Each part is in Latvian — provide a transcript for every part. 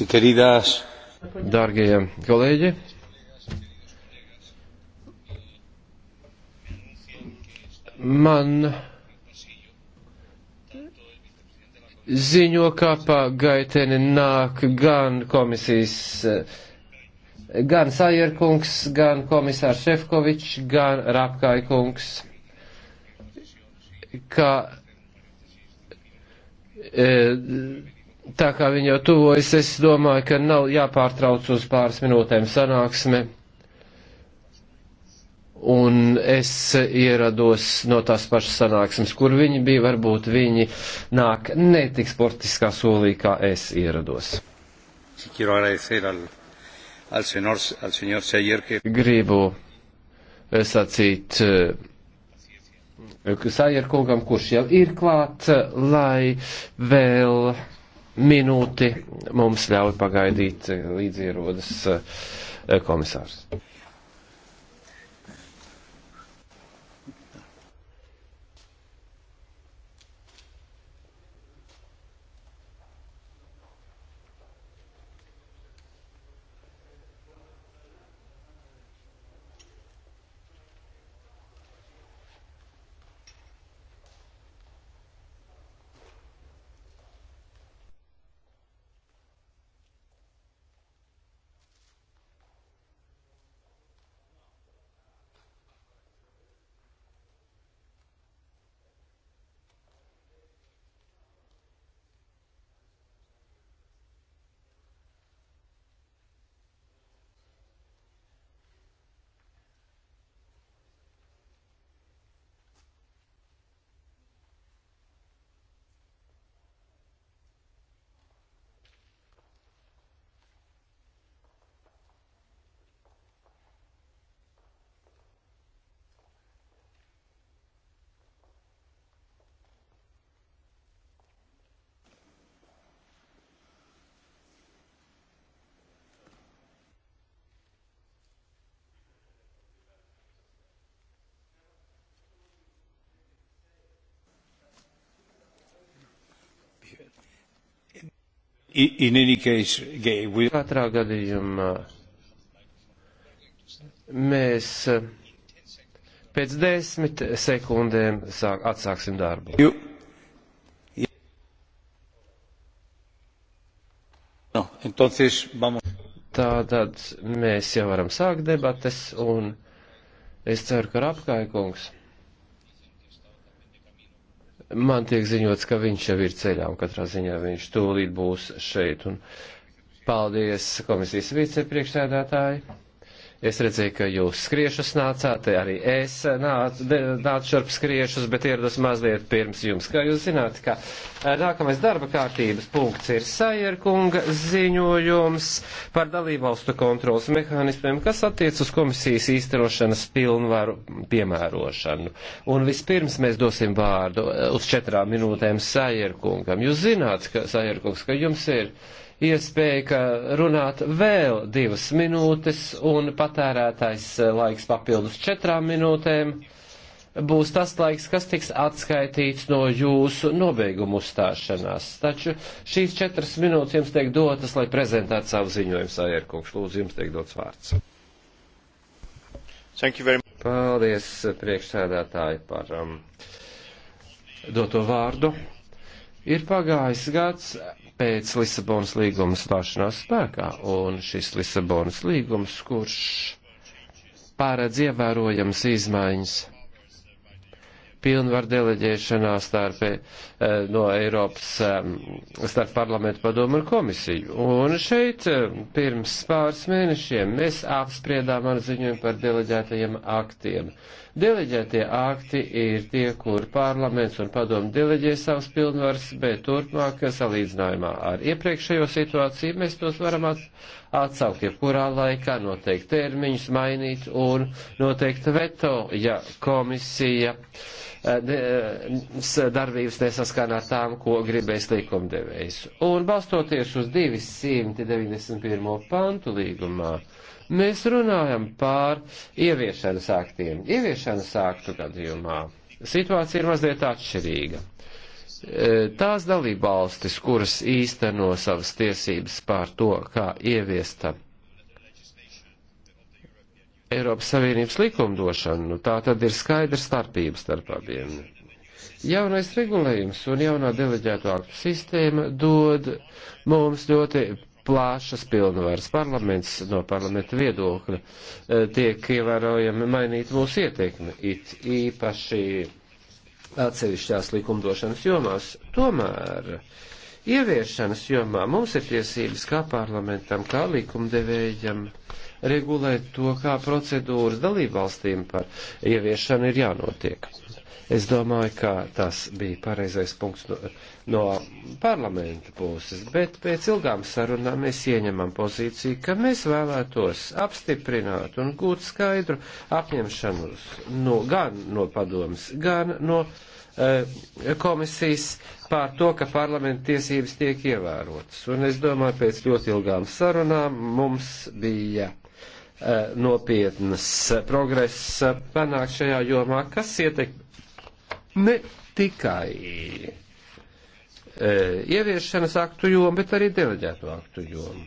Dārgie kolēģi, man ziņo, ka pa gaiteni nāk gan komisijas, gan Sajerkungs, gan komisārs Šefkovičs, gan Rapkaikungs, ka e, tā kā viņi jau tuvojas, es domāju, ka nav jāpārtrauc uz pāris minūtēm sanāksme. Un es ierados no tās pašas sanāksmes, kur viņi bija, varbūt viņi nāk ne tik sportiskā solī, kā es ierados. Gribu eh, sacīt eh, Sajerkungam, kurš jau ir klāt, eh, lai vēl minūti mums ļauj pagaidīt eh, līdz ierodas eh, komisārs. In any case, gay, we... Katrā gadījumā mēs eh, pēc desmit sekundēm sāk, atsāksim darbu. You... No, entonces vamos. Tātad mēs jau varam sākt debates, un es ceru, ka Rapkaikungs. kungs man tiek ziņots, ka viņš jau ir ceļā, un katrā ziņā viņš tūlīt būs šeit. Un paldies komisijas vicepriekšsēdētāji. Es redzēju, ka jūs skriešus nācāt, arī es nācu, nācu šarp skriešus, bet ierados mazliet pirms jums. Kā jūs zināt, ka eh, nākamais darba kārtības punkts ir Sajerkunga ziņojums par dalībvalstu kontrolas mehānismiem, kas attiec uz komisijas īstenošanas pilnvaru piemērošanu. Un vispirms mēs dosim vārdu eh, uz četrām minūtēm Sajerkungam. Jūs zināt, ka Sajerkungs, ka jums ir iespēja, ka runāt vēl divas minūtes un patērētais eh, laiks papildus četrām minūtēm būs tas laiks, kas tiks atskaitīts no jūsu nobeigumu uzstāšanās. Taču šīs četras minūtes jums tiek dotas, lai prezentētu savu ziņojumu, Sajērkungs. Lūdzu, jums tiek dots vārds. Paldies, priekšsēdētāji, par um, doto vārdu. Ir pagājis gads pēc Lisabonas līguma stāšanās spēkā, un šis Lisabonas līgums, kurš pārēdz ievērojams izmaiņas pilnvaru deleģēšanā starp, eh, no Eiropas eh, starp parlamentu padomu un komisiju. Un šeit eh, pirms pāris mēnešiem mēs apspriedām ar ziņojumu par deleģētajiem aktiem. Deleģētie akti ir tie, kur parlaments un padomu deleģē savas pilnvaras, bet turpmāk salīdzinājumā ar iepriekšējo situāciju mēs tos varam atsaukt jebkurā laikā, noteikt termiņus, mainīt un noteikt veto, ja komisija eh, darbības nesaskan ar tām, ko gribēs likumdevējs. Un balstoties uz 291. pantu līgumā, Mēs runājam pār ieviešanas aktiem. Ieviešanas aktu gadījumā situācija ir mazliet atšķirīga. E, tās dalībvalstis, kuras īsteno savas tiesības pār to, kā ieviesta Eiropas Savienības likumdošanu, nu, tā tad ir skaidra starpība starp abiem. Jaunais regulējums un jaunā deleģēto aktu sistēma dod mums ļoti plašas pilnvaras. Parlaments no parlamenta viedokļa e, tiek ievērojami mainīt mūsu ietekmi, it īpaši atsevišķās likumdošanas jomās. Tomēr ieviešanas jomā mums ir tiesības kā parlamentam, kā likumdevējam regulēt to, kā procedūras dalībvalstīm par ieviešanu ir jānotiek. Es domāju, ka tas bija pareizais punkts no, no parlamenta puses, bet pēc ilgām sarunām mēs ieņemam pozīciju, ka mēs vēlētos apstiprināt un gūt skaidru apņemšanos no, gan no padomas, gan no e, komisijas pār to, ka parlamenta tiesības tiek ievērotas. Un es domāju, pēc ļoti ilgām sarunām mums bija eh, nopietnas eh, progress panākt šajā jomā, kas ietekmē ne tikai e, ieviešanas aktu jomu, bet arī deleģēto aktu jomu.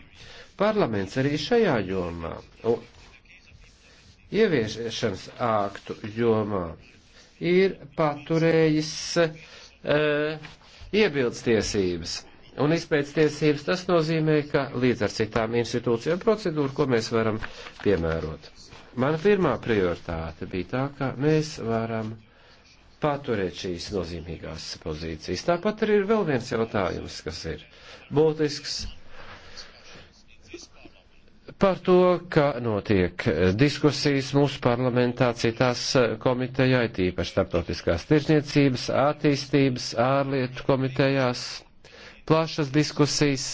Parlaments arī šajā jomā, ieviešanas aktu jomā, ir paturējis e, iebildztiesības un izpēctiesības. Tas nozīmē, ka līdz ar citām institūcijām procedūru, ko mēs varam piemērot. Mana pirmā prioritāte bija tā, ka mēs varam paturēt šīs nozīmīgās pozīcijas. Tāpat arī ir vēl viens jautājums, kas ir būtisks par to, ka notiek diskusijas mūsu parlamentā, citās komitejā, tīpaši starptautiskās tirzniecības, attīstības, ārlietu komitejās, plašas diskusijas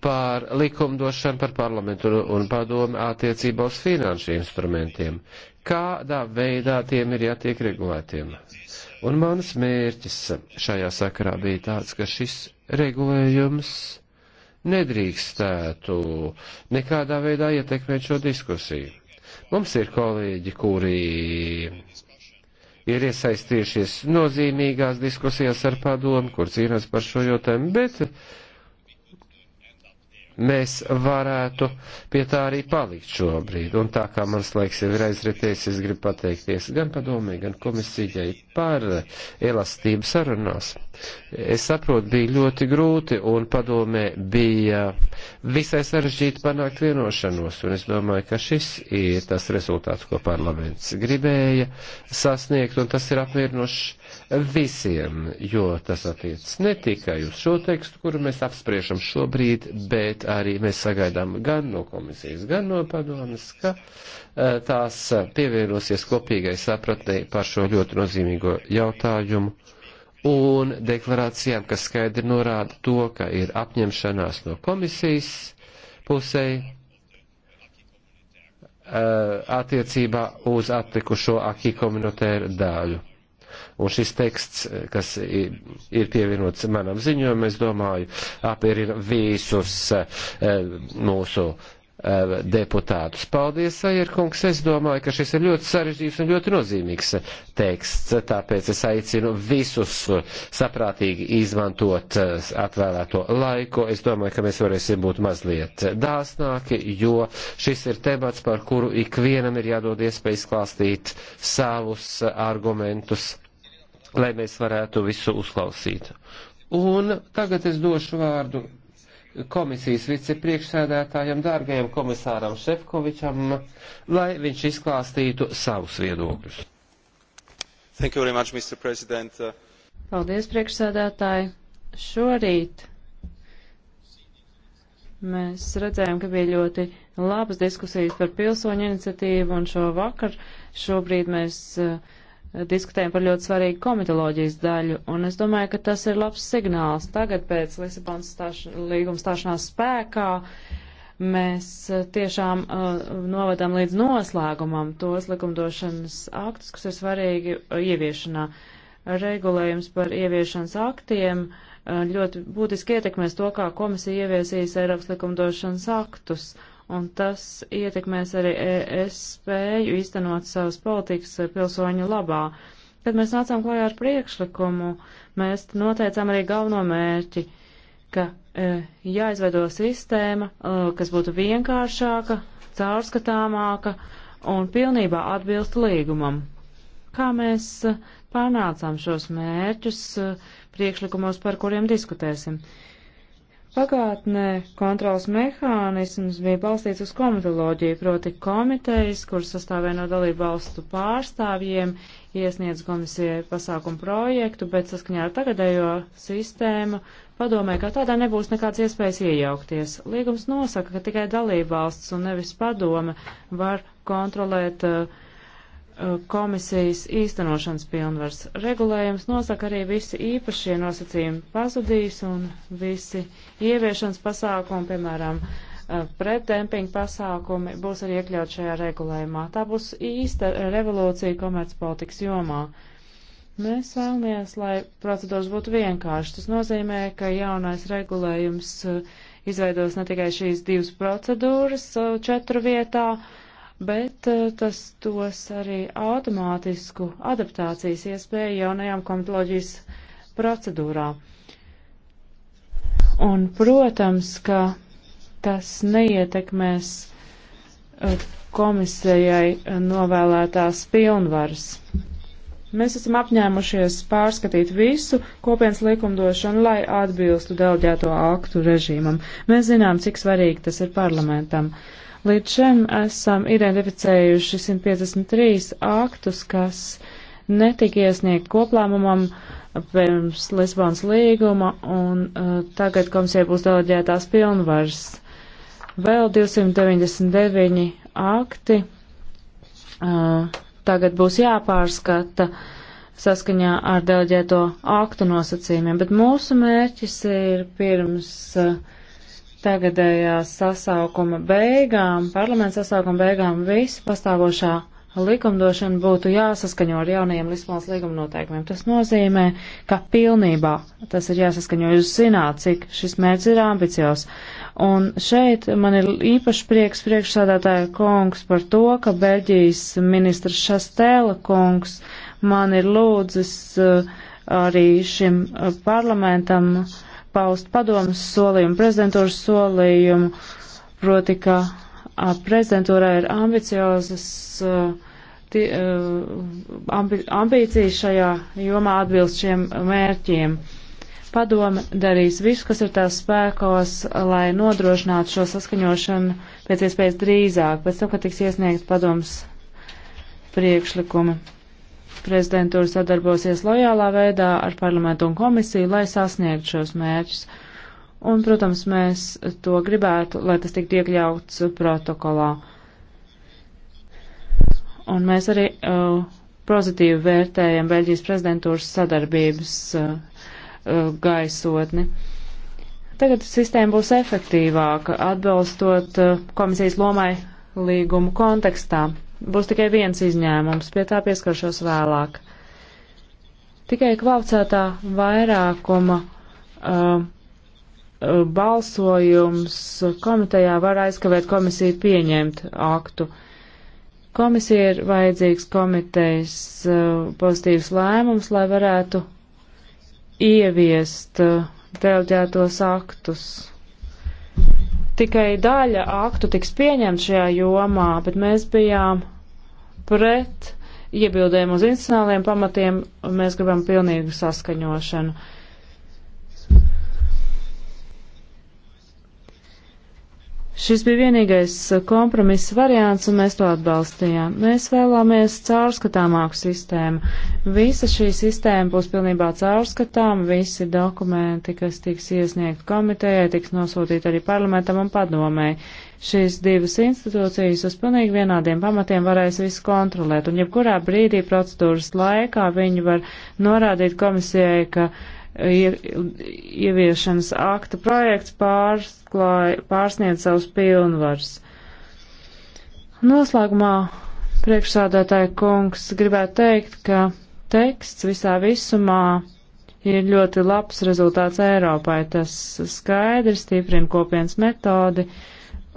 pār likumdošanu par parlamentu un padomu attiecībā uz finanšu instrumentiem. Kādā veidā tiem ir jātiek regulētiem? Un mans mērķis šajā sakarā bija tāds, ka šis regulējums nedrīkstētu nekādā veidā ietekmēt šo diskusiju. Mums ir kolēģi, kuri ir iesaistījušies nozīmīgās diskusijās ar padomu, kur cīnās par šo jautājumu, bet mēs varētu pie tā arī palikt šobrīd. Un tā kā mans laiks jau ir aizritējis, es gribu pateikties gan padomē, gan komisijai par elastību sarunās. Es saprotu, bija ļoti grūti un padomē bija visai sarežģīti panākt vienošanos, un es domāju, ka šis ir tas rezultāts, ko parlaments gribēja sasniegt, un tas ir apmierinošs visiem, jo tas attiec ne tikai uz šo tekstu, kuru mēs apspriešam šobrīd, bet arī mēs sagaidām gan no komisijas, gan no padomas, ka eh, tās pievienosies kopīgai sapratnei par šo ļoti nozīmīgo jautājumu un deklarācijām, kas skaidri norāda to, ka ir apņemšanās no komisijas pusei eh, attiecībā uz atlikušo akī komunitēru daļu. Un šis teksts, kas ir pievienots manam ziņojumam, es domāju, apierina visus e, mūsu e, deputātus. Paldies, Aierkungs. Es domāju, ka šis ir ļoti sarežģīts un ļoti nozīmīgs teksts, tāpēc es aicinu visus saprātīgi izmantot e, atvēlēto laiku. Es domāju, ka mēs varēsim būt mazliet dāsnāki, jo šis ir temats, par kuru ikvienam ir jādod iespēja izklāstīt savus argumentus lai mēs varētu visu uzklausīt. Un tagad es došu vārdu komisijas vicepriekšsēdētājam, dārgajam komisāram Šefkovičam, lai viņš izklāstītu savus viedokļus. Much, Paldies, priekšsēdētāji. Šorīt mēs redzējām, ka bija ļoti labas diskusijas par pilsoņu iniciatīvu, un šo vakar šobrīd mēs uh, diskutējam par ļoti svarīgu komitoloģijas daļu, un es domāju, ka tas ir labs signāls. Tagad pēc Lisabonas stāš līguma stāšanās spēkā mēs eh, tiešām uh, eh, novadam līdz noslēgumam tos likumdošanas aktus, kas ir svarīgi eh, ieviešanā. Regulējums par ieviešanas aktiem uh, ļoti būtiski ietekmēs to, kā komisija ieviesīs Eiropas likumdošanas aktus. Uh, un tas ietekmēs arī es spēju īstenot savas politikas pilsoņu labā. Kad mēs nācām klajā ar priekšlikumu, mēs noteicām arī galveno mērķi, ka e, jāizveido sistēma, e, kas būtu vienkāršāka, caurskatāmāka un pilnībā atbilstu līgumam. Kā mēs e, panācām šos mērķus e, priekšlikumos, par kuriem diskutēsim? E, Pagātnē kontrols mehānisms bija balstīts uz komitoloģiju, proti komitejas, kuras sastāvēja no dalību valstu pārstāvjiem, iesniedz komisijai pasākumu projektu, bet saskaņā ar tagadējo sistēmu padomē, ka tādā nebūs nekāds iespējas iejaukties. Līgums nosaka, ka tikai dalību valsts un nevis padome var kontrolēt uh, Uh, komisijas īstenošanas pilnvars. Regulējums nosaka arī visi īpašie nosacījumi pazudīs un visi ieviešanas pasākumi, piemēram, uh, pretdempinga pasākumi, būs arī iekļaut šajā regulējumā. Tā būs īsta revolūcija komercpolitikas jomā. Mēs vēlamies, lai procedūras būtu vienkāršas. Tas nozīmē, ka jaunais regulējums uh, izveidos ne tikai šīs divas procedūras četru vietā, uh, bet eh, tas dos arī automātisku adaptācijas iespēju jaunajām komitoloģijas procedūrām. Un, protams, ka tas neietekmēs eh, komisijai eh, novēlētās pilnvaras. Mēs esam apņēmušies pārskatīt visu kopienas likumdošanu, lai atbilstu delģēto aktu režīmam. Mēs zinām, cik svarīgi tas ir parlamentam. Uh, Līdz šim esam identificējuši 153 aktus, kas netika iesniegt koplēmumam pirms Lisbonas līguma, un uh, tagad komisija būs deleģētās pilnvaras. Vēl 299 akti uh, tagad būs jāpārskata saskaņā ar deleģēto aktu nosacījumiem, bet mūsu mērķis ir pirms uh, tagadējā sasaukuma beigām, parlamenta sasaukuma beigām, visu pastāvošā likumdošana būtu jāsaskaņo ar jaunajiem Lisbonas līguma noteikumiem. Tas nozīmē, ka pilnībā tas ir jāsaskaņo. Jūs zināt, cik šis mērķis ir ambicios. Un šeit man ir īpaši prieks priekšsādātāja kungs par to, ka Beļģijas ministrs Šastēla kungs man ir lūdzis uh, arī šim uh, parlamentam uh, paust padomas solījumu, prezidentūras solījumu, proti, ka prezidentūrā ir ambiciozas tī, ambi, ambīcijas šajā jomā atbilst šiem mērķiem. Padome darīs visu, kas ir tās spēkos, lai nodrošinātu šo saskaņošanu pēc iespējas drīzāk, pēc tam, kad tiks iesniegt padomas priekšlikumi prezidentūra sadarbosies lojālā veidā ar parlamentu un komisiju, lai sasniegtu šos mērķus. Un, protams, mēs to gribētu, lai tas tiktu iekļauts protokolā. Un mēs arī uh, pozitīvi vērtējam Beļģijas prezidentūras sadarbības uh, uh, gaisotni. Tagad sistēma būs efektīvāka, atbilstot uh, komisijas lomai līgumu kontekstā. Būs tikai viens izņēmums, pie tā pieskaršos vēlāk. Tikai kvalificētā vairākuma uh, uh balsojums komitejā var aizkavēt komisiju pieņemt aktu. Komisija ir vajadzīgs komitejas uh, pozitīvs lēmums, lai varētu ieviest uh, delģētos aktus. Tikai daļa aktu tiks pieņemta šajā jomā, bet mēs bijām pret iebildēm uz institucionāliem pamatiem, mēs gribam pilnīgu saskaņošanu. Šis bija vienīgais kompromiss variants, un mēs to atbalstījām. Mēs vēlamies caurskatāmāku sistēmu. Visa šī sistēma būs pilnībā caurskatām, visi dokumenti, kas tiks iesniegt komitejai, tiks nosūtīti arī parlamentam un padomēji šīs divas institūcijas uz pilnīgi vienādiem pamatiem varēs visu kontrolēt, un jebkurā brīdī procedūras laikā viņi var norādīt komisijai, ka ie, ieviešanas akta projekts pārsklāj, pārsniedz savus pilnvars. Noslēgumā priekšsādātāja kungs gribētu teikt, ka teksts visā visumā ir ļoti labs rezultāts Eiropai. Tas skaidri stiprina kopienas metodi. Uh,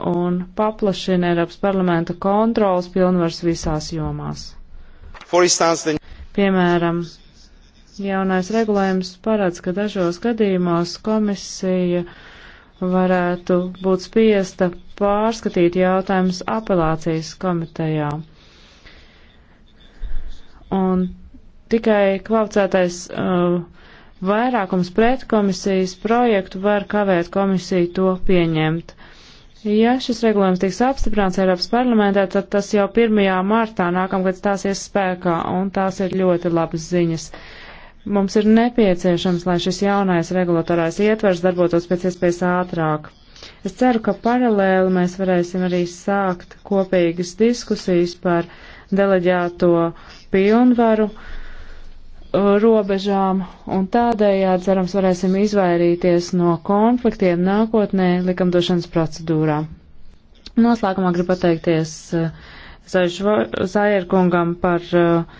un paplašina Eiropas parlamenta kontrolas pilnvars visās jomās. Piemēram, jaunais regulējums parāds, ka dažos gadījumos komisija varētu būt spiesta pārskatīt jautājumus apelācijas komitejā. Un tikai kvalificētais uh, vairākums pret komisijas projektu var kavēt komisiju to pieņemt. Uh, Ja šis regulējums tiks apstiprināts Eiropas parlamentā, tad tas jau 1. martā nākamgad stāsies spēkā, un tās ir ļoti labas ziņas. Mums ir nepieciešams, lai šis jaunais regulatorās ietvers darbotos pēc iespējas ātrāk. Es ceru, ka paralēli mēs varēsim arī sākt kopīgas diskusijas par deleģēto pilnvaru. Uh, Uh, robežām, un tādējādi, cerams, varēsim izvairīties no konfliktiem nākotnē likumdošanas procedūrā. Noslēgumā gribu pateikties uh, Zairkungam par uh,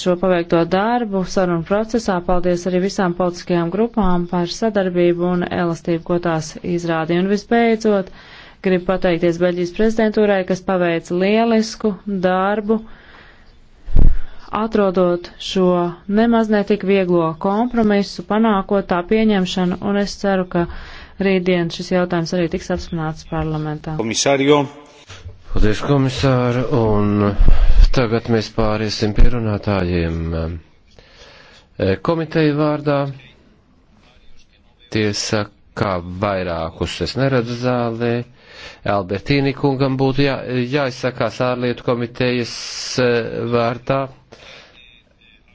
šo paveikto darbu sarunu procesā. Paldies arī visām politiskajām grupām par sadarbību un elastību, ko tās izrādīja. Un visbeidzot, gribu pateikties Beļģijas prezidentūrai, kas paveica lielisku darbu atrodot šo nemaz netik vieglo kompromisu, panākot tā pieņemšanu, un es ceru, ka rītdien šis jautājums arī tiks apsprināts parlamentā. Komisārio. Paldies, komisāri, un tagad mēs pāriesim pie runātājiem. Komiteja vārdā tiesa, kā vairākus es neredzu zālē. Albertīni kungam būtu jā, jāizsakās ārlietu komitejas eh, vārtā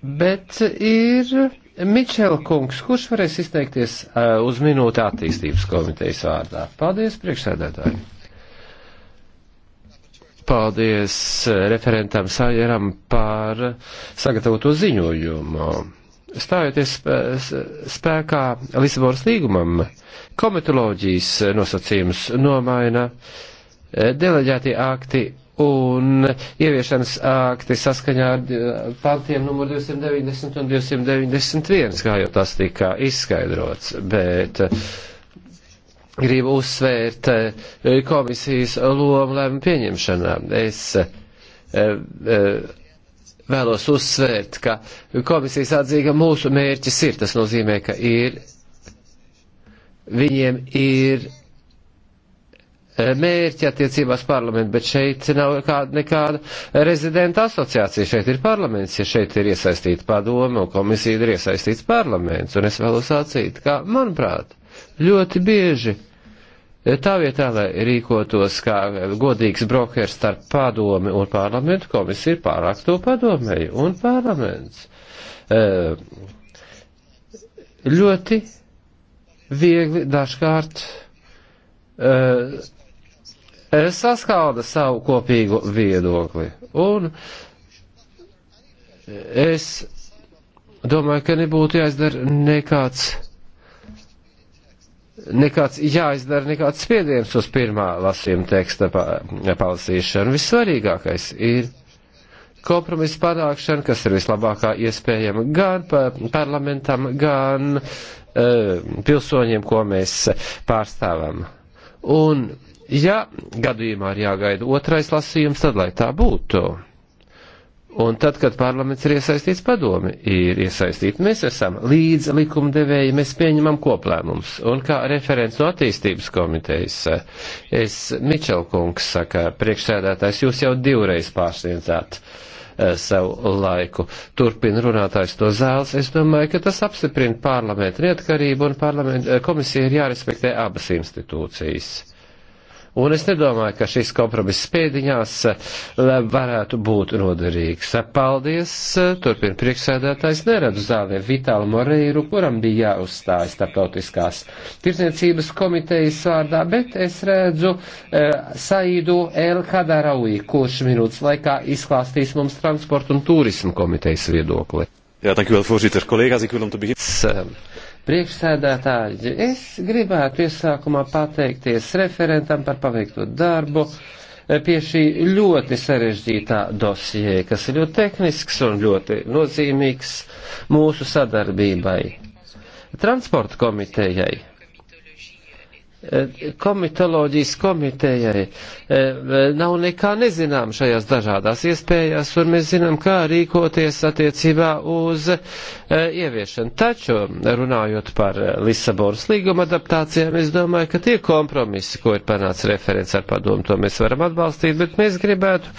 bet ir Mičela kungs, kurš varēs izteikties uh, uz minūti attīstības komitejas vārdā. Paldies, priekšsēdētāji! Paldies eh, referentam Sajeram par sagatavoto ziņojumu. Stājoties eh, spēkā Lisabonas līgumam, komitoloģijas nosacījums nomaina deleģētie akti un ieviešanas akti saskaņā ar eh, pantiem numur 290 un 291, kā jau tas tika izskaidrots, bet eh, gribu uzsvērt eh, komisijas lomu lēmumu pieņemšanā. Es vēlos uzsvērt, ka komisijas atzīga mūsu mērķis ir, tas nozīmē, ka ir, viņiem ir Eh, mērķi attiecībās parlamentu, bet šeit nav kāda, nekāda rezidenta asociācija. Šeit ir parlaments, ja šeit ir iesaistīta padoma un komisija ir iesaistīts parlaments. Un es vēlos atsīt, ka, manuprāt, ļoti bieži eh, tā vietā, lai rīkotos kā godīgs brokers starp padomi un parlamentu, komisija ir pārāk to padomēju un parlaments. Eh, ļoti viegli dažkārt uh, Eh, saskalda savu kopīgo viedokli. Un eh, es domāju, ka nebūtu jāizdara nekāds nekāds jāizdara nekāds spiediens uz pirmā lasījuma teksta eh, palasīšanu. Vissvarīgākais ir kompromisa panākšana, kas ir vislabākā iespējama gan par parlamentam, gan uh, pilsoņiem, ko mēs pārstāvam. Un Ja gadījumā ir jāgaida otrais lasījums, tad lai tā būtu. Un tad, kad parlaments ir iesaistīts padomi, ir iesaistīti, mēs esam līdz likumdevēji, mēs pieņemam koplēmums. Un kā referents no attīstības komitejas, es Mičelkungs saka, priekšsēdētājs, jūs jau divreiz pārsniedzāt eh, savu laiku. Turpina runātājs to zāles. Es domāju, ka tas apstiprina parlamentu neatkarību un parlamentu, eh, komisija ir jārespektē abas institūcijas. Un es nedomāju, ka šis kompromiss pēdiņās eh, varētu būt noderīgs. Paldies, eh, turpina priekšsēdētājs, neredzu zālē Vitālu Moreiru, kuram bija jāuzstājas starptautiskās tirsniecības komitejas vārdā, bet es redzu eh, Saidu El Kadarauji, kurš minūtes laikā izklāstīs mums transportu un turismu komitejas viedokli. Jā, dankjewel, voorzitter. Collega's, ik wil om te beginnen. Eh, priekšsēdētāji. Es gribētu iesākumā pateikties referentam par paveikto darbu pie šī ļoti sarežģītā dosijē, kas ir ļoti tehnisks un ļoti nozīmīgs mūsu sadarbībai. Transporta komitejai Eh, komitoloģijas komitejai eh, nav nekā nezinām šajās dažādās iespējās, un mēs zinām, kā rīkoties attiecībā uz eh, ieviešanu. Taču, runājot par Lisabonas līguma adaptācijām, es domāju, ka tie kompromisi, ko ir panācis referents ar padomu, to mēs varam atbalstīt, bet mēs gribētu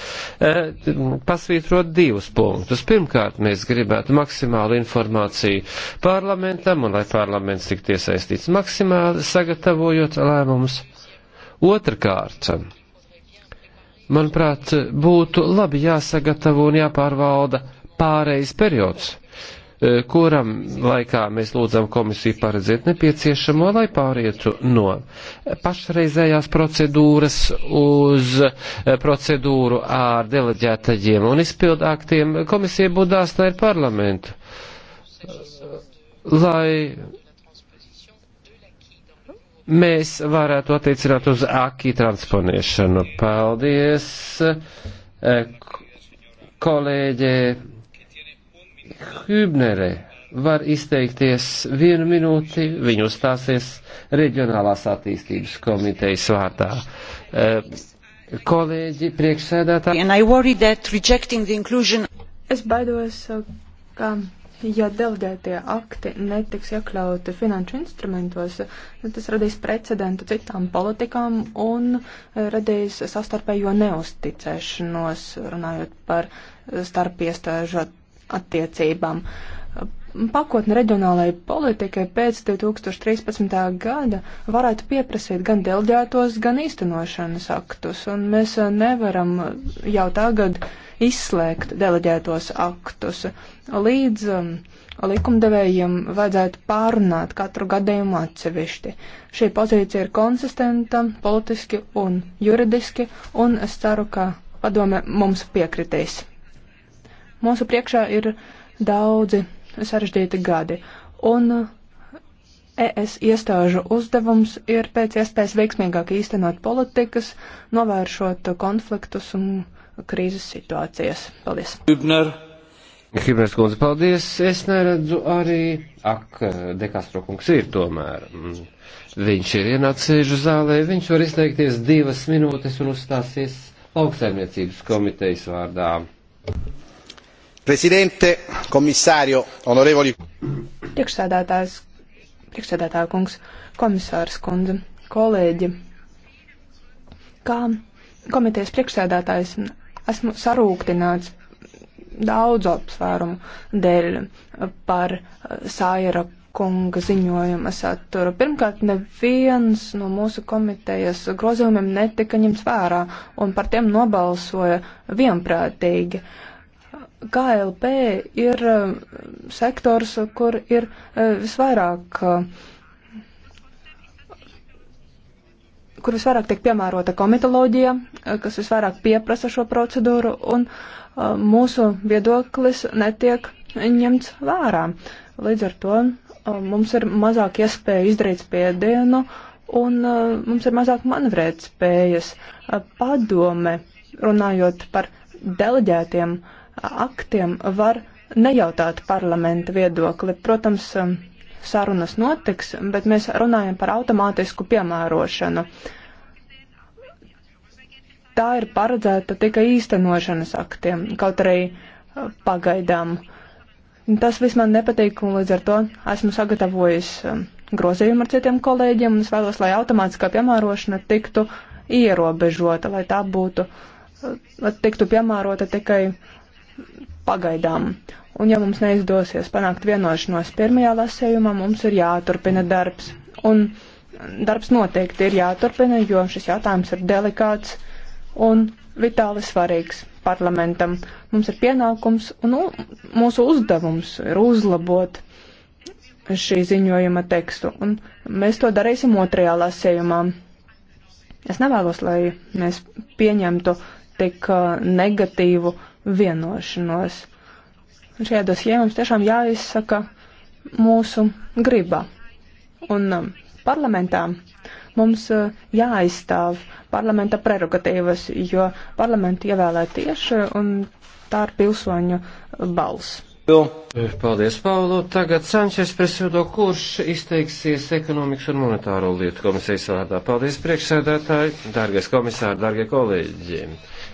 pasvītrot divus punktus. Pirmkārt, mēs gribētu maksimālu informāciju parlamentam, un lai parlaments tiktu iesaistīts maksimāli, sagatavojot pieņemot lēmumus. Otrakārt, manuprāt, būtu labi jāsagatavo un jāpārvalda pārejas periods, e, kuram laikā mēs lūdzam komisiju paredzēt nepieciešamo, lai pārietu no pašreizējās procedūras uz e, procedūru ar deleģētajiem un izpildāktiem. Komisija būtu dāsna ar parlamentu, lai mēs varētu attiecināt uz aki transponēšanu. Paldies, eh, kolēģe Hübnere var izteikties vienu minūti, viņa uzstāsies reģionālās attīstības komitejas vārdā. Eh, kolēģi, priekšsēdētāji. Es baidos, eh, ka Ja delegētie akti netiks iekļauti finanšu instrumentos, tas radīs precedentu citām politikām un eh, radīs sastarpējo neusticēšanos, runājot par eh, starp iestāžu attiecībām. Uh, pakotne reģionālajai politikai pēc 2013. gada varētu pieprasīt gan delģētos, gan īstenošanas aktus, un mēs eh, nevaram jau tagad izslēgt delģētos aktus. Līdz um, likumdevējiem vajadzētu pārunāt katru gadījumu atsevišti. Šī pozīcija ir konsistenta politiski un juridiski, un es ceru, ka padome mums piekritīs. Mūsu priekšā ir daudzi sarežģīti gadi. Un uh, ES iestāžu uzdevums ir pēc iespējas veiksmīgāk īstenot politikas, novēršot konfliktus un krīzes situācijas. Paldies! Hübner. Hibners kundze, paldies! Es neredzu arī, ak, Dekastro kungs ir tomēr. Mm. Viņš ir ienācēžu zālē, viņš var izteikties divas minūtes un uzstāsies lauksaimniecības komitejas vārdā. Prezidente, komisārio, honorevoli. Priekšsēdētājs, priekšsēdētāja kungs, komisārs kundze, kolēģi. Kā komitejas priekšsēdētājs esmu sarūktināts daudzu apsvērumu dēļ par eh, Sāra kunga ziņojuma saturu. Pirmkārt, neviens no mūsu komitejas grozījumiem netika ņemts vērā, un par tiem nobalsoja vienprātīgi. Uh, KLP ir um, sektors, kur ir uh, visvairāk, uh, kur visvairāk tiek piemērota komitoloģija, uh, kas visvairāk pieprasa šo procedūru, un mūsu viedoklis netiek ņemts vērā. Līdz ar to mums ir mazāk iespēja izdarīt spiedienu, un mums ir mazāk manevrēt spējas padome, runājot par deleģētiem uh, aktiem var nejautāt parlamenta viedokli. Protams, um, sarunas notiks, bet mēs runājam par automātisku piemērošanu. Tā ir paredzēta tikai īstenošanas aktiem, kaut arī uh, pagaidām. Tas viss man nepatīk, un līdz ar to esmu sagatavojis um, grozījumu ar citiem kolēģiem, un es vēlos, lai automātiskā piemērošana tiktu ierobežota, lai tā būtu, uh, tiktu piemērota tikai uh, pagaidām. Un ja mums neizdosies panākt vienošanos pirmajā lasējumā, mums ir jāturpina darbs. Un darbs noteikti ir jāturpina, jo šis jautājums ir delikāts un vitāli svarīgs parlamentam. Mums ir pienākums un nu, mūsu uzdevums ir uzlabot šī ziņojuma tekstu. Un mēs to darīsim otrajā lasējumā. Es nevēlos, lai mēs pieņemtu tik uh, negatīvu uh, vienošanos. Šajā dosijā mums tiešām jāizsaka mūsu griba. Un um, parlamentā mums uh, jāaizstāv parlamenta prerogatīvas, jo parlamentu ievēlē tieši un tā ir pilsoņu balss. Paldies, Paulo. Tagad Sančes Presedo, kurš izteiksies ekonomikas un monetāro lietu komisijas vārdā. Paldies, priekšsēdētāji, dārgais komisāri, dārgie kolēģi.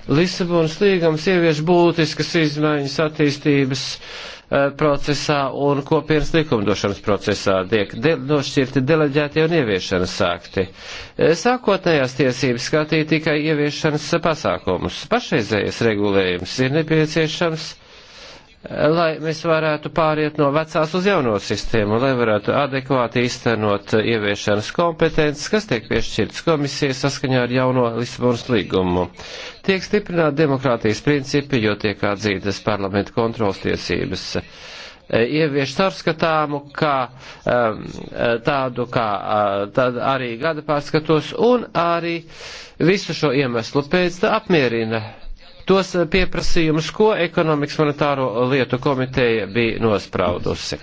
Lisabonas līgums ievieš būtiskas izmaiņas attīstības uh, procesā un kopienas likumdošanas procesā tiek de nošķirti deleģētie un ieviešanas sākti. Eh, sākotnējās tiesības skatīja tikai ieviešanas pasākumus. Pašreizējais regulējums ir nepieciešams uh, lai mēs varētu pāriet no vecās uz jauno sistēmu, lai varētu adekvāti iztenot ieviešanas kompetences, kas tiek piešķirtas komisijas saskaņā ar jauno Lisabonas līgumu. Tiek stiprināt demokrātijas principi, jo tiek atzītas parlamenta kontrols tiesības. E, ievieš caurskatāmu, kā um, e, tādu, kā tādu arī gada pārskatos, un arī visu šo iemeslu pēc apmierina tos eh, pieprasījumus, ko ekonomikas monetāro lietu komiteja bija nospraudusi.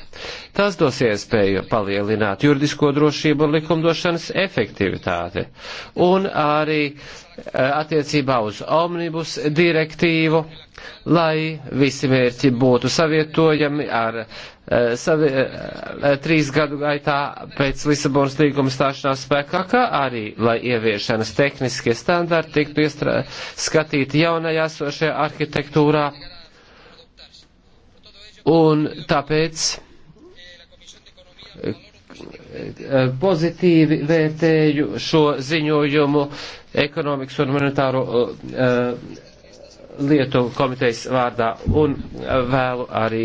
Tas dos iespēju palielināt juridisko drošību un likumdošanas efektivitāti. Un arī eh, attiecībā uz omnibus direktīvu, lai visi mērķi būtu savietojami ar uh, Eh, savi, eh, eh, trīs gadu gaitā pēc Lisabonas līguma stāšanās spēkā, kā arī, lai ieviešanas tehniskie standarti tiktu iestrā, skatīti jaunajā sošajā arhitektūrā. Un tāpēc pozitīvi vērtēju šo ziņojumu ekonomikas un monetāro uh, lietu komitejas vārdā un vēlu arī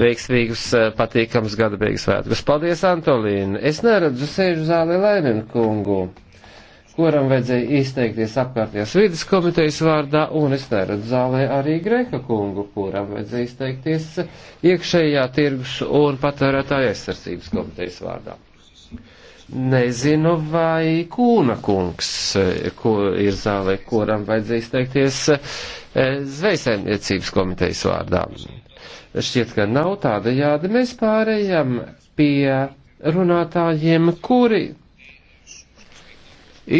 veiksmīgus eh, patīkamus gada beigas svētkus. Paldies, Antolīna! Es neredzu sēžu zālē Laininu kungu, kuram vajadzēja izteikties apkārtējās vidas komitejas vārdā, un es neredzu zālē arī Greka kungu, kuram vajadzēja izteikties iekšējā tirgus un patērētāja aizsardzības komitejas vārdā. Nezinu, vai Kūna kungs eh, ko ir zālē, kuram vajadz izteikties eh, zvejsaimniecības komitejas vārdā. Šķiet, ka nav tāda jāda. Mēs pārējām pie runātājiem, kuri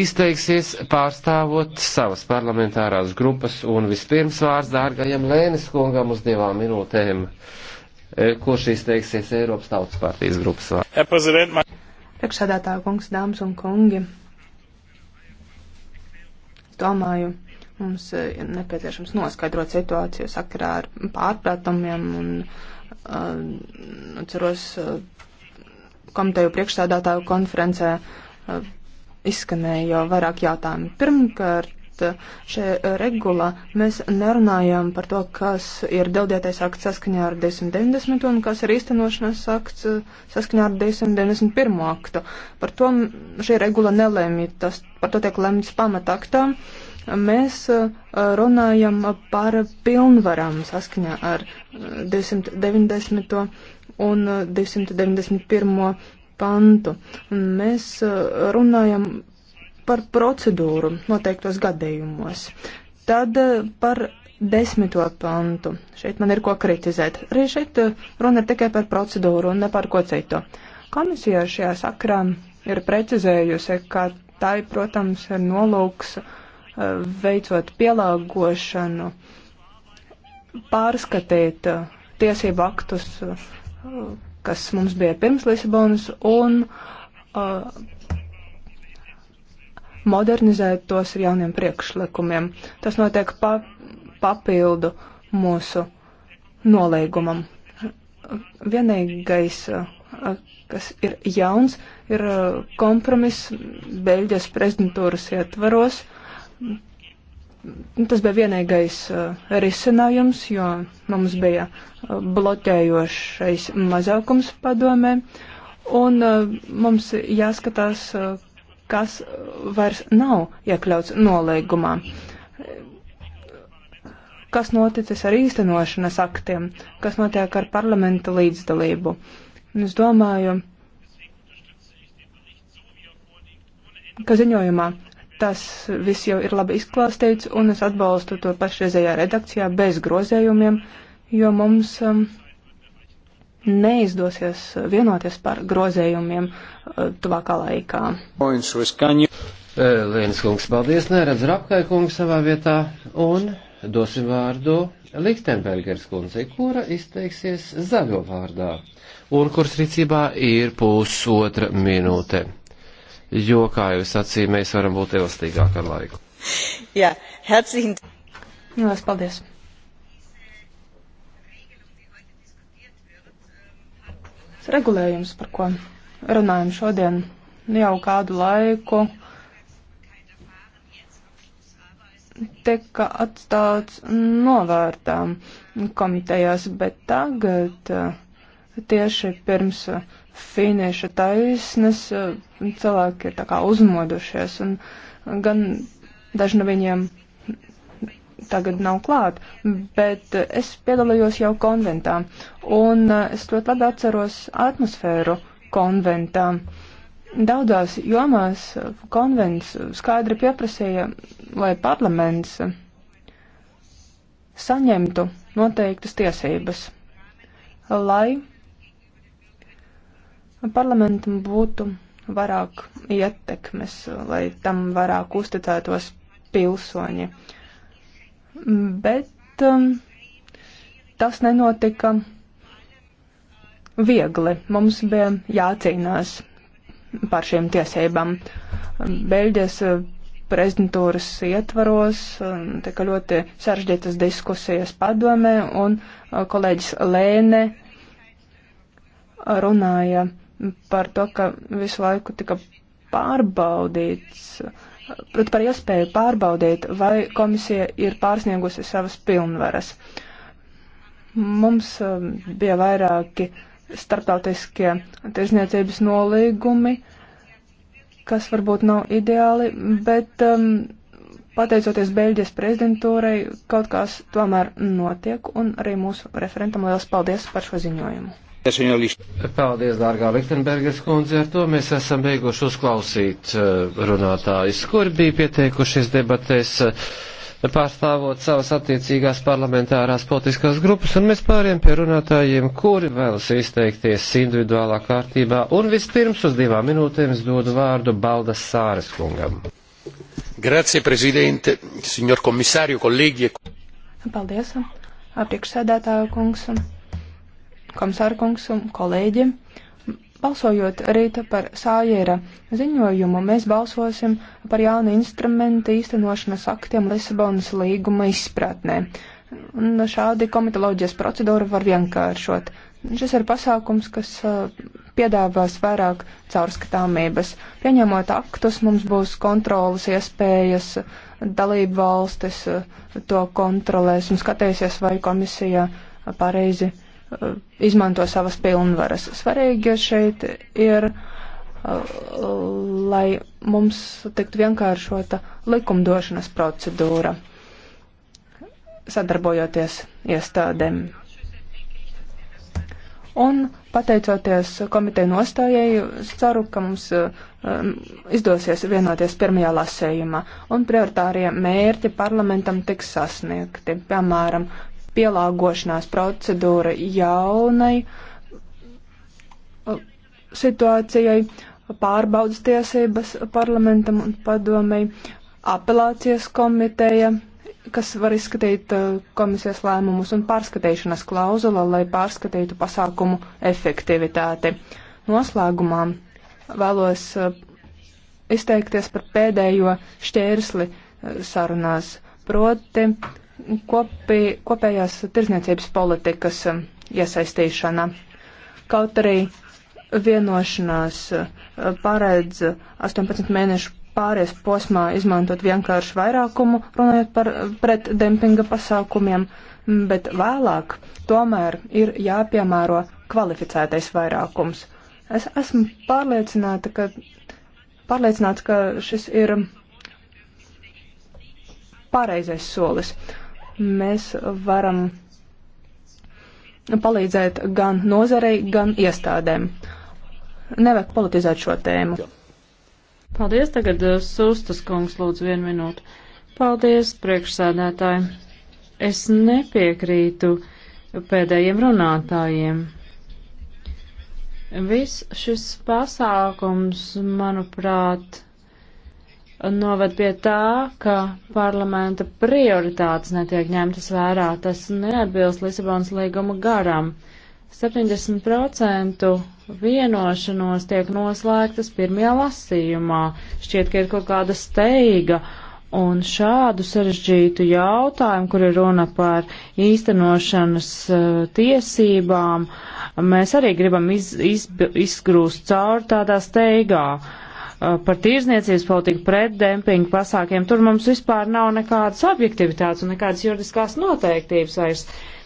izteiksies pārstāvot savas parlamentārās grupas un vispirms vārds dārgajam Lēnis kungam uz divām minūtēm, eh, kurš izteiksies Eiropas Tautas partijas grupas vārdā. Priekšsēdētā kungs, dāmas un kungi, es domāju, mums ir nepieciešams noskaidrot situāciju sakarā ar pārpratumiem un uh, ceros uh, komiteju priekšsēdētāju konferencē uh, izskanēja jau vairāk jautājumu. Pirmkārt, Pirmkārt, šajā regulā mēs nerunājām par to, kas ir daudzietais akts saskaņā ar 1090 un kas ir īstenošanas akts saskaņā ar 1091 aktu. Par to šī regula nelēmja, tas par to tiek lemts pamataktā. Mēs e, runājam par pilnvarām saskaņā ar 1090 e, un 291 e, pantu. Mēs runājam par procedūru noteiktos gadījumos. Tad eh, par desmito pantu. Šeit man ir ko kritizēt. Arī šeit eh, runa ir tikai par procedūru un ne par ko citu. Komisija šajā sakrā ir precizējusi, ka tā, protams, ir nolūks eh, veicot pielāgošanu, pārskatīt tiesību aktus, kas mums bija pirms Lisabonas, un modernizēt tos ar jauniem priekšlikumiem. Tas notiek pa, papildu mūsu nolīgumam. Vienīgais, kas ir jauns, ir kompromiss Beļģijas prezidentūras ietvaros. Nu, tas bija vienīgais risinājums, jo mums bija bloķējošais mazākums padomē, un mums jāskatās, kas vairs nav iekļauts nolīgumā. Kas noticis ar īstenošanas aktiem, kas notiek ar parlamenta līdzdalību. Un es domāju, ka ziņojumā tas viss jau ir labi izklāstīts, un es atbalstu to pašreizējā redakcijā bez grozējumiem, jo mums um, neizdosies vienoties par grozējumiem uh, tuvākā laikā. Lienas kungs, paldies, neredz Rapkai kungu savā vietā un dosim vārdu Lichtenbergers kundzei, kura izteiksies zaļo vārdā un kuras rīcībā ir pusotra minūte. Jo, kā jau sacīju, mēs varam būt elastīgāk ar laiku. Jā, herzīgi. Lielas paldies. Regulējums, par ko runājam šodien nu jau kādu laiku, tika atstāts novērtām komitejās, bet tagad eh, tieši pirms eh, finiša taisnes eh, cilvēki ir tā kā uzmodušies un gan daži no viņiem tagad nav klāt, bet es piedalījos jau konventā, un uh, es ļoti labi atceros atmosfēru konventā. Daudzās jomās uh, konvents skaidri pieprasīja, lai parlaments saņemtu noteiktas tiesības, lai parlamentam būtu vairāk ietekmes, lai tam vairāk uzticētos pilsoņi. Uh, bet um, tas nenotika viegli. Mums bija jācīnās par šīm tiesībām. Beļģijas uh, prezidentūras ietvaros um, tika ļoti sarežģītas diskusijas padomē, un uh, kolēģis Lēne runāja par to, ka visu laiku tika pārbaudīts uh, par iespēju pārbaudīt, vai komisija ir pārsniegusi savas pilnvaras. Mums um, bija vairāki starptautiskie tirzniecības nolīgumi, kas varbūt nav ideāli, bet um, pateicoties Beļģijas prezidentūrai, kaut kas tomēr notiek, un arī mūsu referentam liels paldies par šo ziņojumu. Paldies, dārgā Liktenbergas kundze. Ar to mēs esam beiguši uzklausīt eh, runātājus, kuri bija pieteikušies debatēs, eh, pārstāvot savas attiecīgās parlamentārās politiskās grupas, un mēs pāriem pie runātājiem, kuri vēlas izteikties individuālā kārtībā. Un vispirms uz divām minūtēm es dodu vārdu Baldas Sāres kungam. Grazie, prezidente, signor komisāriju, kolēģi. E Paldies, priekšsēdētāju kungs. Un komisārkungs un kolēģi. Balsojot rīta par Sājera ziņojumu, mēs balsosim par jaunu instrumentu īstenošanas aktiem Lisabonas līguma izpratnē. Un šādi komitoloģijas procedūru var vienkāršot. Šis ir pasākums, kas uh, piedāvās vairāk caurskatāmības. Pieņemot aktus, mums būs kontrolas iespējas, dalību valstis uh, to kontrolēs un skatīsies, vai komisija pareizi uh, Uh, izmanto savas pilnvaras. Svarīgi šeit ir, uh, lai mums tiktu vienkāršota likumdošanas procedūra, sadarbojoties iestādēm. Un pateicoties komiteja nostājai, es ceru, ka mums um, izdosies vienoties pirmajā lasējumā, un prioritārie mērķi parlamentam tiks sasniegti, piemēram, pielāgošanās procedūra jaunai uh, situācijai, pārbaudas tiesības parlamentam un padomei, apelācijas komiteja, kas var izskatīt uh, komisijas lēmumus un pārskatīšanas klauzula, lai pārskatītu pasākumu efektivitāti. Noslēgumā vēlos uh, izteikties par pēdējo šķērsli sarunās, proti kopī, kopējās tirzniecības politikas um, iesaistīšana. Kaut arī vienošanās uh, paredz 18 mēnešu pāries posmā izmantot vienkāršu vairākumu, runājot par uh, pret dempinga pasākumiem, mm, bet vēlāk tomēr ir jāpiemēro kvalificētais vairākums. Es esmu pārliecināta, ka, pārliecināts, ka šis ir um, pareizais solis mēs varam palīdzēt gan nozarei, gan iestādēm. Nevajag politizēt šo tēmu. Paldies, tagad eh, Sūstas kungs lūdzu vienu minūtu. Paldies, priekšsēdētāji. Es nepiekrītu pēdējiem runātājiem. Viss šis pasākums, manuprāt, noved pie tā, ka parlamenta prioritātes netiek ņemtas vērā. Tas neatbilst Lisabonas līguma garam. 70% vienošanos tiek noslēgtas pirmajā lasījumā. Šķiet, ka ir kaut kāda steiga. Un šādu sarežģītu jautājumu, kur ir runa par īstenošanas uh, tiesībām, mēs arī gribam iz, iz, izgrūst cauri tādā steigā. Uh, Uh, par tirzniecības politiku pret dempingu pasākiem, tur mums vispār nav nekādas objektivitātes un nekādas juridiskās noteiktības vairs. Uh,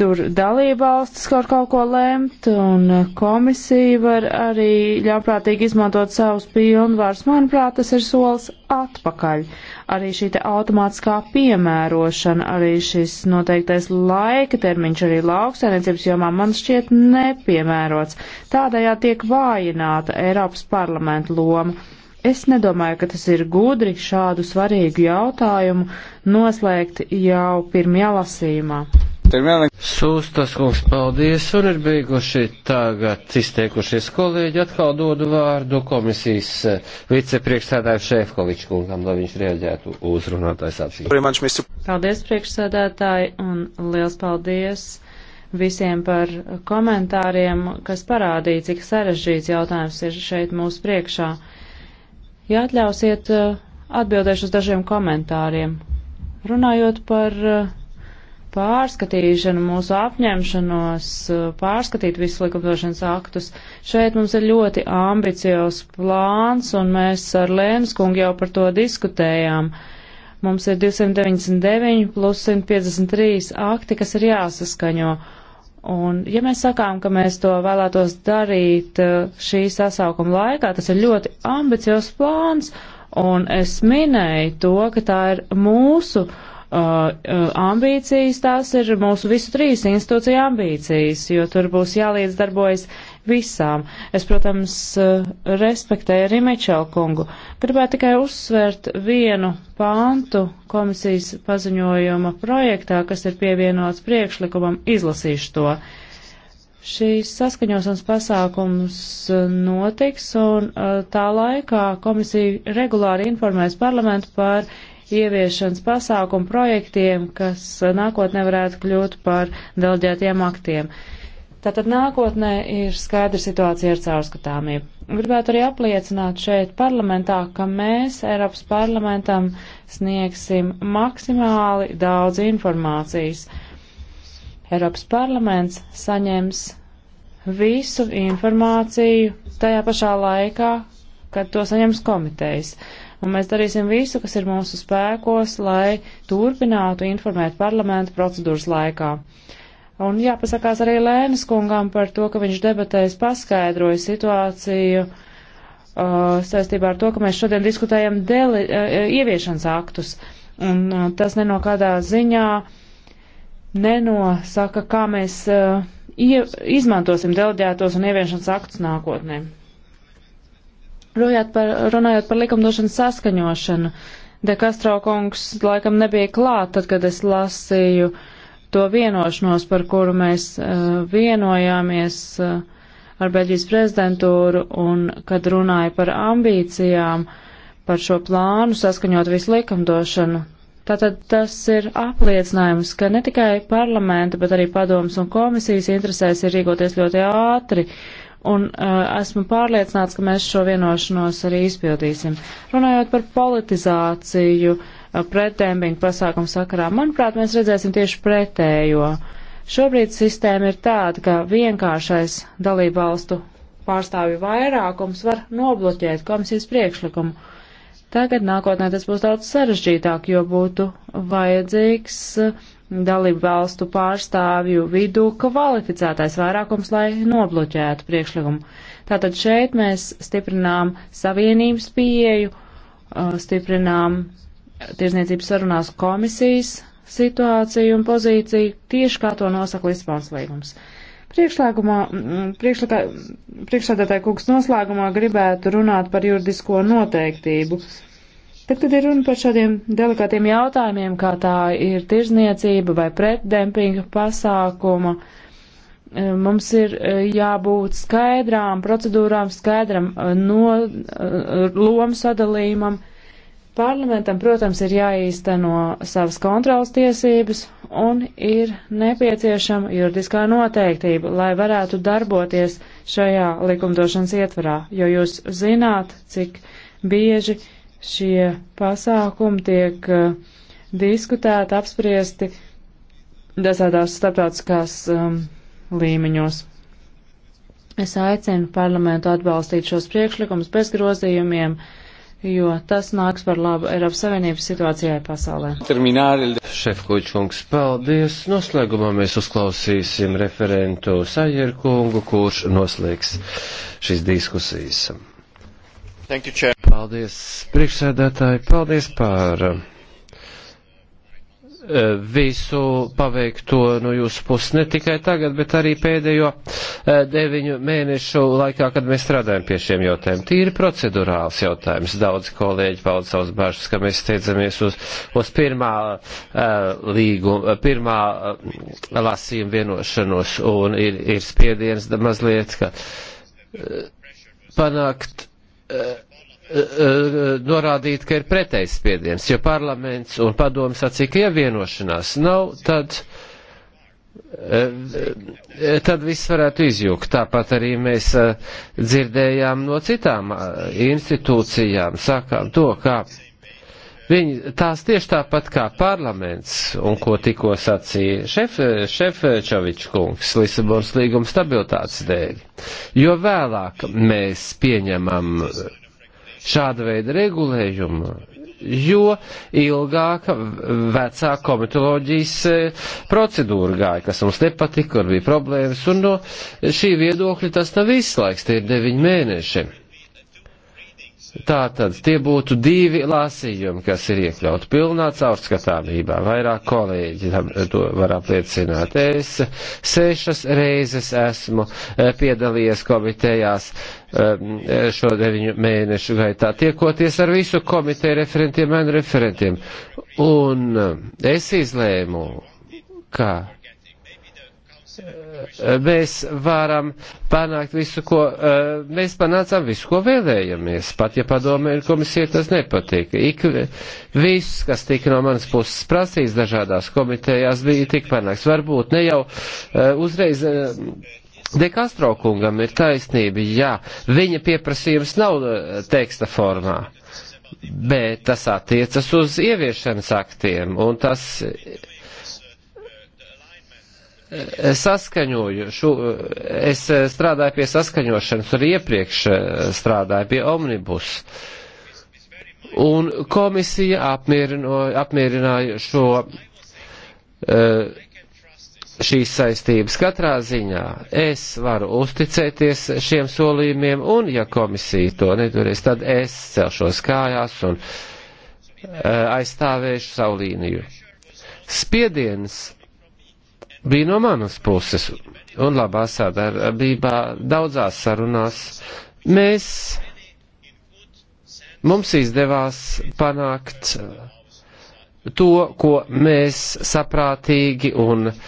tur dalībvalstis var kaut ko lemt, un komisija var arī ļauprātīgi izmantot savus pilnvārus. Manuprāt, tas ir solis atpakaļ. Arī šī te automātiskā piemērošana, arī šis noteiktais laika termiņš arī lauksainiecības jomā man šķiet nepiemērots. Tādējā tiek vājināta Eiropas parlamenta loma. Es nedomāju, ka tas ir gudri šādu svarīgu jautājumu noslēgt jau pirmajā lasījumā. Šūstas kungs, paldies, un ir beiguši tagad izteikušies kolēģi. Atkal dodu vārdu komisijas eh, vicepriekšsēdājiem Šēfkoviču kungam, lai viņš reaģētu uz runātājs apsību. Paldies, priekšsēdētāji, un liels paldies visiem par komentāriem, kas parādīja, cik sarežģīts jautājums ir šeit mūsu priekšā. Ja atļausiet, eh, atbildēšu uz dažiem komentāriem. Runājot par uh, pārskatīšanu, mūsu apņemšanos uh, pārskatīt visus likumdošanas aktus. Šeit mums ir ļoti ambiciozs plāns, un mēs ar Lēnas kungu jau par to diskutējām. Mums ir 299 plus 153 akti, kas ir jāsaskaņo. Un, ja mēs sakām, ka mēs to vēlētos darīt uh, šī sasaukuma laikā, tas ir ļoti ambiciozs plāns, un es minēju to, ka tā ir mūsu uh, Uh, uh, ambīcijas, tās ir mūsu visu trīs institūciju ambīcijas, jo tur būs jālīdzdarbojas visām. Es, protams, uh, respektēju arī Mečelu kungu. Gribētu tikai uzsvērt vienu pāntu komisijas paziņojuma projektā, kas ir pievienots priekšlikumam, izlasīšu to. Šīs saskaņošanas pasākums notiks, un tā laikā komisija regulāri informēs parlamentu par ieviešanas pasākumu projektiem, kas nākotnē varētu kļūt par delģētiem aktiem. Tātad nākotnē ir skaidra situācija ar caurskatāmību. Gribētu arī apliecināt šeit parlamentā, ka mēs Eiropas parlamentam sniegsim maksimāli daudz informācijas. Eiropas parlaments saņems visu informāciju tajā pašā laikā, kad to saņems komitejas. Uh, Un mēs darīsim visu, kas ir mūsu spēkos, lai turpinātu informēt parlamentu procedūras laikā. Un jāpasakās arī Lēnas kungam par to, ka viņš debatēs paskaidroja situāciju uh, saistībā ar to, ka mēs šodien diskutējam deli, uh, ieviešanas aktus. Un uh, tas nenokādā ziņā nenosaka, kā mēs. Uh, izmantosim deleģētos un ieviešanas aktus nākotnē. Runājot par, runājot par likumdošanas saskaņošanu, De Castro kungs laikam nebija klāt, tad, kad es lasīju to vienošanos, par kuru mēs uh, vienojāmies uh, ar Beļģijas prezidentūru, un kad runāja par ambīcijām, par šo plānu saskaņot visu likumdošanu. Tātad tas ir apliecinājums, ka ne tikai parlamenta, bet arī padomas un komisijas interesēs ir rīkoties ļoti ātri un uh, esmu pārliecināts, ka mēs šo vienošanos arī izpildīsim. Runājot par politizāciju uh, pretdempinga pasākumu sakarā, manuprāt, mēs redzēsim tieši pretējo. Šobrīd sistēma ir tāda, ka vienkāršais dalību valstu pārstāvju vairākums var nobloķēt komisijas priekšlikumu. Tagad nākotnē tas būs daudz sarežģītāk, jo būtu vajadzīgs uh, dalību valstu pārstāvju vidū kvalificētais vairākums, lai nobloķētu priekšlikumu. Tātad šeit mēs stiprinām savienības pieeju, uh, stiprinām tirzniecības sarunās komisijas situāciju un pozīciju, tieši kā to nosaka Lisbonas līgums. Priekšlēgumā, mm, priekšsādātāja kungs noslēgumā gribētu runāt par juridisko noteiktību. Uh, Tad, kad ir runa par šādiem delikātiem jautājumiem, kā tā ir tirzniecība vai pretdempinga pasākuma, eh, mums ir eh, jābūt skaidrām procedūrām, skaidram eh, no, lomu sadalījumam. Parlamentam, protams, ir jāīsteno savas kontrolas tiesības un ir nepieciešama juridiskā noteiktība, lai varētu darboties šajā likumdošanas ietvarā, jo jūs zināt, cik bieži uh, šie pasākumi tiek uh, diskutēti, apspriesti dažādās starptautiskās um, līmeņos. Es aicinu parlamentu atbalstīt šos priekšlikumus bez grozījumiem, jo tas nāks par labu Eiropas Savienības situācijai pasaulē. Termināli. Šefkočkungs, paldies. Noslēgumā mēs uzklausīsim referentu Sajerkungu, kurš noslēgs šīs diskusijas. Thank you, Chair. Paldies, priekšsēdētāji, paldies par eh, visu paveikto no jūsu puses, ne tikai tagad, bet arī pēdējo eh, deviņu mēnešu laikā, kad mēs strādājam pie šiem jautājumiem. Tīri procedurāls jautājums. Daudz kolēģi pauda savus bažas, ka mēs steidzamies uz, uz pirmā uh, līgu, pirmā uh, lasījuma vienošanos un ir, ir spiediens mazliet, ka uh, panākt. Uh, Eh, eh, norādīt, ka ir pretējs spiediens, jo parlaments un padomu sacīja, ka ja vienošanās nav, tad, eh, tad viss varētu izjūgt. Tāpat arī mēs dzirdējām no citām institūcijām, sākām to, kā viņi tās tieši tāpat kā parlaments un ko tikko sacīja šef, Šefčovičs kungs Lisabons līguma stabilitātes dēļ. Jo vēlāk mēs pieņemam šāda veida regulējumu, jo ilgāka vecā komitoloģijas e, procedūra gāja, kas mums nepatika, kur bija problēmas, un no šī viedokļa tas nav viss laiks, tie ir deviņi mēneši. Tātad tie būtu divi lasījumi, kas ir iekļauti pilnā caurskatāmībā. Vairāk kolēģi eh, to var apliecināt. Es sešas reizes esmu eh, piedalījies komitejās ehm, eh, šo deviņu mēnešu gaitā, tiekoties ar visu komiteju referentiem un referentiem. Un es izlēmu, ka Eh, mēs varam panākt visu, ko eh, mēs panācām, visu, ko vēlējamies. Pat ja padomē ir komisija, tas nepatīk. Ik, viss, kas tika no manas puses prasīts dažādās komitejās, bija tik panāks. Varbūt ne jau eh, uzreiz. Dekastro kungam ir taisnība, jā, viņa pieprasījums nav teksta formā, bet tas attiecas uz ieviešanas aktiem, un tas saskaņoju, šu, es strādāju pie saskaņošanas, arī iepriekš strādāju pie omnibus. Un komisija apmierināja šo, e, šīs saistības. Katrā ziņā es varu uzticēties šiem solījumiem, un ja komisija to neturēs, tad es celšos kājās un e, aizstāvēšu savu līniju. Spiediens bija no manas puses. Un labā sadarbībā daudzās sarunās mēs, mums izdevās panākt uh, to, ko mēs saprātīgi un uh,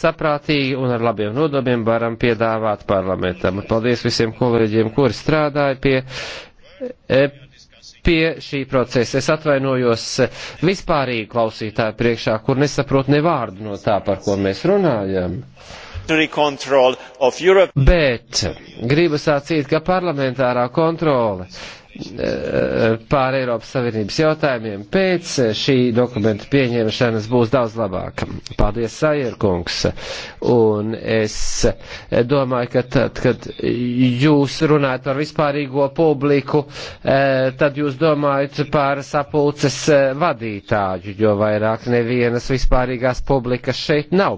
saprātīgi un ar labiem nodomiem varam piedāvāt parlamentam. Paldies visiem kolēģiem, kuri strādāja pie eh, pie šī procesa. Es atvainojos vispārīgi klausītāju priekšā, kur nesaprot ne vārdu no tā, par ko mēs runājam. Uh, Bet gribu sacīt, ka parlamentārā kontrole eh, pār Eiropas Savienības jautājumiem pēc šī dokumenta pieņemšanas būs daudz labāka. Paldies, Sajerkungs. Un es domāju, ka tad, kad jūs runājat par vispārīgo publiku, eh, tad jūs domājat par sapulces eh, vadītāju, jo vairāk nevienas vispārīgās publikas šeit nav.